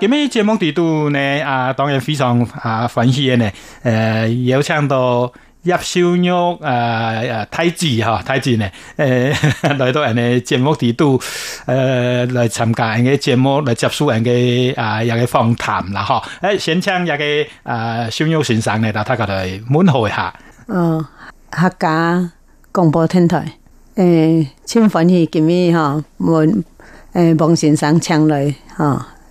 今日節目地圖呢，啊，當然非常啊歡喜嘅呢。誒、呃，邀請到葉秀玉誒誒，太子嗬，太子呢？誒、哦呃，來到人哋節目地圖，誒、呃，嚟參加人哋節目，嚟接受人哋啊，又嘅訪談啦，嗬。誒，先請一個誒秀玉先生呢，到大家嗰度問候一下。嗯、哦、客家廣播電台，誒、呃哦呃，真歡喜今日問誒，王先生請來嗬。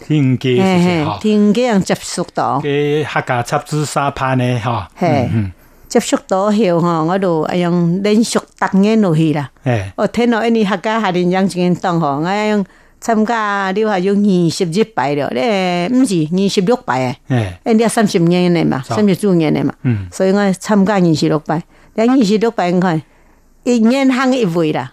天機，天機人接觸到啲客家插枝沙番呢，哈是，嗯嗯接觸多後，哈，我就用連續多年落去了。是我睇到一年客家夏令營只根檔，我用參加你話有二十幾排了。咧不是二十六排，誒，咁你要三十年了嘛，走 三十年了嘛，嘛嗯、所以我參加二十六排，但二十六排，你看年一年行一回啦。